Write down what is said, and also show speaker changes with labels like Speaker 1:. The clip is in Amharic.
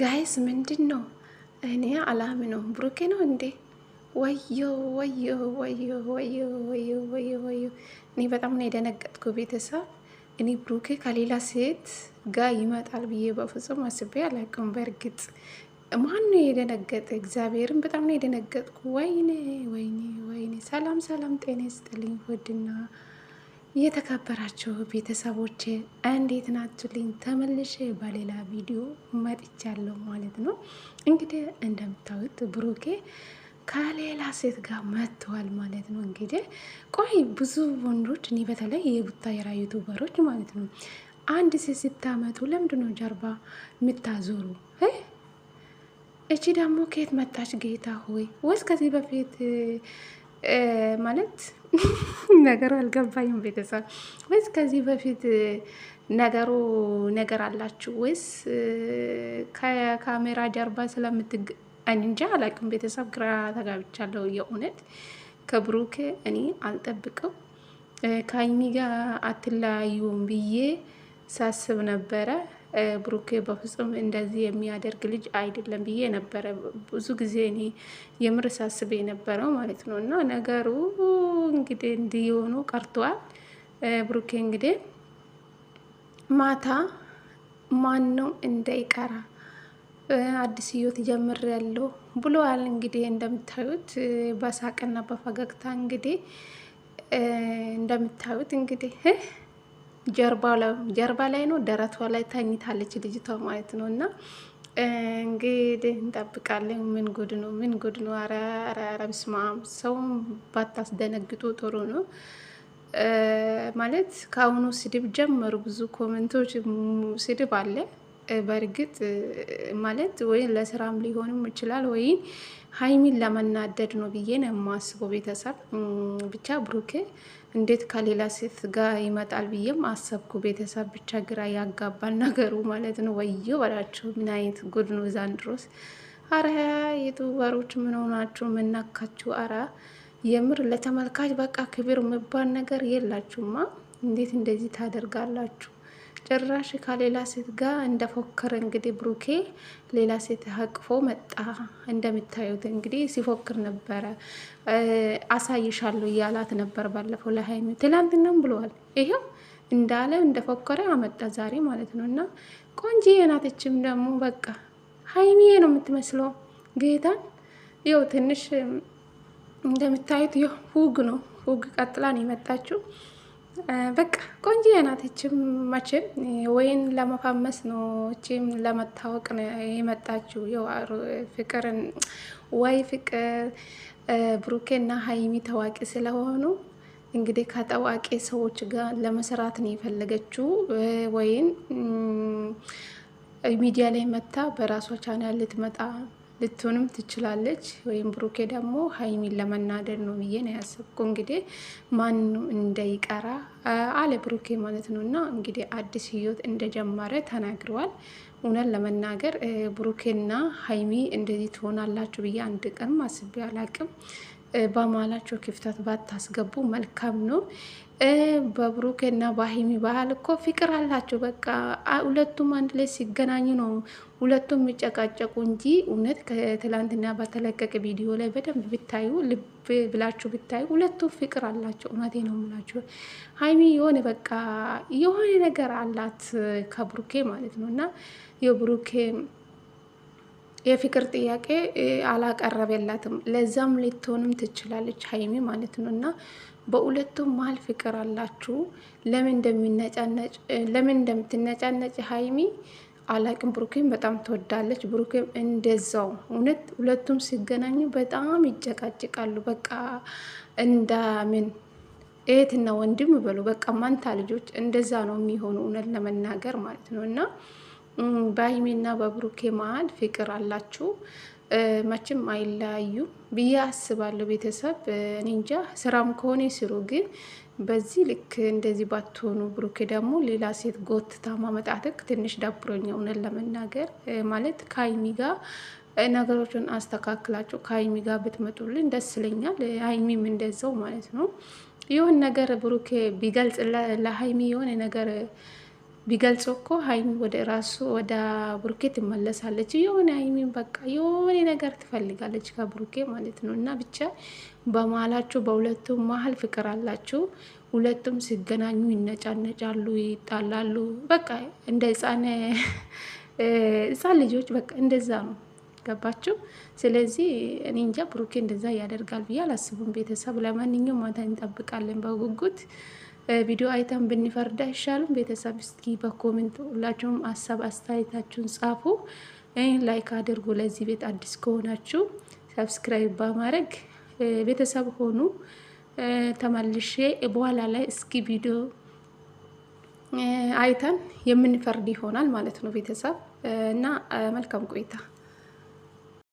Speaker 1: ጋይስ ምንድን ነው? እኔ አላም ነው ብሩኬ ነው እንዴ? ወዮ ወዮ ወዮ ወዮ ወዮ ወዮ ወዮ! እኔ በጣም ነው የደነገጥኩ ቤተሰብ። እኔ ብሩኬ ከሌላ ሴት ጋር ይመጣል ብዬ በፍጹም አስቤ አላውቅም። በእርግጥ ማን ነው የደነገጠ? እግዚአብሔርን በጣም ነው የደነገጥኩ። ወይኔ ወይኔ ወይኔ! ሰላም ሰላም፣ ጤና ይስጥልኝ ውድና የተከበራችሁ ቤተሰቦች እንዴት ናችሁልኝ? ተመልሼ በሌላ ቪዲዮ መጥቻለሁ ማለት ነው። እንግዲህ እንደምታዩት ብሩኬ ከሌላ ሴት ጋር መጥተዋል ማለት ነው። እንግዲህ ቆይ ብዙ ወንዶች እኔ በተለይ የቡታየራ ዩቱበሮች ማለት ነው አንድ ሴት ስታመጡ ለምንድነው ጀርባ የምታዞሩ? እቺ ደግሞ ከየት መጣች? ጌታ ሆይ ወይስ ከዚህ በፊት ማለት ነገሩ አልገባኝም። ቤተሰብ ወይስ ከዚህ በፊት ነገሩ ነገር አላችሁ ወይስ ከካሜራ ጀርባ ስለምትግ እንጃ አላቅም። ቤተሰብ ግራ ተጋብቻለሁ። የእውነት ከብሩክ እኔ አልጠብቅም ከሀይሚ ጋር አትለያዩም ብዬ ሳስብ ነበረ። ብሩኬ በፍጹም እንደዚህ የሚያደርግ ልጅ አይደለም ብዬ ነበረ። ብዙ ጊዜ እኔ የምር ሳስብ የነበረው ማለት ነው። እና ነገሩ እንግዲህ እንዲሆኑ ቀርቷል። ብሩኬ እንግዲህ ማታ ማን ነው እንዳይቀራ አዲስ ህይወት ጀምር ያለው ብለዋል። እንግዲህ እንደምታዩት በሳቅና በፈገግታ እንግዲህ እንደምታዩት እንግዲህ ጀርባ ላይ ነው ደረቷ ላይ ተኝታለች ልጅቷ ማለት ነው። እና እንግዲህ እንጠብቃለን። ምን ጉድ ነው? ምን ጉድ ነው? ኧረ ኧረ ብስማ ሰውም ባታስደነግጡ ጥሩ ነው ማለት ከአሁኑ ስድብ ጀመሩ። ብዙ ኮመንቶች ስድብ አለ። በእርግጥ ማለት ወይ ለስራም ሊሆንም ይችላል ወይ ሀይሚን ለመናደድ ነው ብዬ ነው የማስበው። ቤተሰብ ብቻ ብሩኬ እንዴት ከሌላ ሴት ጋር ይመጣል ብዬም አሰብኩ። ቤተሰብ ብቻ ግራ ያጋባል ነገሩ ማለት ነው። ወዮ በላቸው። ምን አይነት ጉድ ነው ዛንድሮስ። አረ የቱበሮች ምን ሆናችሁ? ምን ነካችሁ? አረ የምር ለተመልካች በቃ ክብር ምባል ነገር የላችሁማ። እንዴት እንደዚህ ታደርጋላችሁ? ጭራሽ ከሌላ ሴት ጋር እንደፎከረ እንግዲህ ብሩኬ ሌላ ሴት አቅፎ መጣ። እንደምታዩት እንግዲህ ሲፎክር ነበረ። አሳይሻለሁ እያላት ነበር ባለፈው ለሀይሚ ትላንትናም ብለዋል። ይሄው እንዳለ እንደፎከረ አመጣ ዛሬ ማለት ነው። እና ቆንጂ የናተችም ደግሞ በቃ ሀይሚዬ ነው የምትመስለው። ጌታን ይው ትንሽ እንደምታዩት ይው ፉግ ነው ፉግ ቀጥላን የመጣችው በቃ ቆንጆ ናት። መቼም ወይን ለመፋመስ ነው፣ እችም ለመታወቅ ነው የመጣችው። ፍቅርን ወይ ፍቅር ብሩኬና ሀይሚ ታዋቂ ስለሆኑ እንግዲህ ከታዋቂ ሰዎች ጋር ለመስራት ነው የፈለገችው። ወይን ሚዲያ ላይ መታ በራሷ ቻናል ልትመጣ ልትሆንም ትችላለች። ወይም ብሩኬ ደግሞ ሀይሚን ለመናደድ ነው ብዬ ነው ያሰብኩ። እንግዲህ ማኑ እንደይቀራ አለ ብሩኬ ማለት ነው። እና እንግዲህ አዲስ ህይወት እንደጀመረ ተናግረዋል። እውነት ለመናገር ብሩኬና ሀይሚ እንደዚህ ትሆናላችሁ ብዬ አንድ ቀን አስቤ አላቅም። በማላቸው ክፍተት ባታስገቡ መልካም ነው። በብሩኬና በሀይሚ ባህል እኮ ፍቅር አላቸው። በቃ ሁለቱም አንድ ላይ ሲገናኙ ነው ሁለቱም የሚጨቃጨቁ እንጂ እውነት ከትላንትና በተለቀቀ ቪዲዮ ላይ በደንብ ብታዩ ልብ ብላችሁ ብታዩ ሁለቱም ፍቅር አላቸው። እውነቴ ነው የምላችሁ። ሀይሚ የሆነ በቃ የሆነ ነገር አላት ከብሩኬ ማለት ነው እና የብሩኬ የፍቅር ጥያቄ አላቀረበላትም። ለዛም ልትሆንም ትችላለች ሀይሚ ማለት ነው እና በሁለቱም መሀል ፍቅር አላችሁ። ለምን እንደምትነጫነጭ ሀይሚ አላቅም። ብሩኬም በጣም ትወዳለች፣ ብሩኬም እንደዛው። እውነት ሁለቱም ሲገናኙ በጣም ይጨቃጭቃሉ። በቃ እንዳምን እህትና ወንድም በሉ በቃ ማንታ ልጆች እንደዛ ነው የሚሆኑ እውነት ለመናገር ማለት ነው እና በሀይሚና በብሩኬ መሀል ፍቅር አላችሁ መቼም አይለያዩ ብዬ አስባለሁ። ቤተሰብ እኔ እንጃ ስራም ከሆነ ስሩ፣ ግን በዚህ ልክ እንደዚህ ባትሆኑ። ብሩኬ ደግሞ ሌላ ሴት ጎትታ ማመጣትክ ትንሽ ዳብሮኛ እውነት ለመናገር ማለት ከሀይሚ ጋር ነገሮችን አስተካክላቸው ከሀይሚ ጋር ብትመጡልን ደስ ይለኛል። ሀይሚም እንደዛው ማለት ነው። የሆን ነገር ብሩኬ ቢገልጽ ለሀይሚ የሆነ ነገር ቢገልጾ እኮ ሀይሚ ወደ ራሱ ወደ ብሩኬ ትመለሳለች። የሆነ ሀይሚን በቃ የሆነ ነገር ትፈልጋለች ከብሩኬ ማለት ነው። እና ብቻ በመሀላችሁ በሁለቱም መሀል ፍቅር አላችሁ። ሁለቱም ሲገናኙ ይነጫነጫሉ፣ ይጣላሉ። በቃ እንደ ህፃን ህፃን ልጆች በቃ እንደዛ ነው። ገባችሁ? ስለዚህ እኔ እንጃ ብሩኬ እንደዛ ያደርጋል ብዬ አላስቡም። ቤተሰብ ለማንኛውም ማታ እንጠብቃለን በጉጉት ቪዲዮ አይተን ብንፈርድ አይሻልም? ቤተሰብ እስኪ በኮሜንት ሁላችሁም ሀሳብ አስተያየታችሁን ጻፉ፣ ላይክ አድርጉ። ለዚህ ቤት አዲስ ከሆናችሁ ሰብስክራይብ በማድረግ ቤተሰብ ሆኑ። ተመልሼ በኋላ ላይ እስኪ ቪዲዮ አይተን የምንፈርድ ይሆናል ማለት ነው ቤተሰብ እና መልካም ቆይታ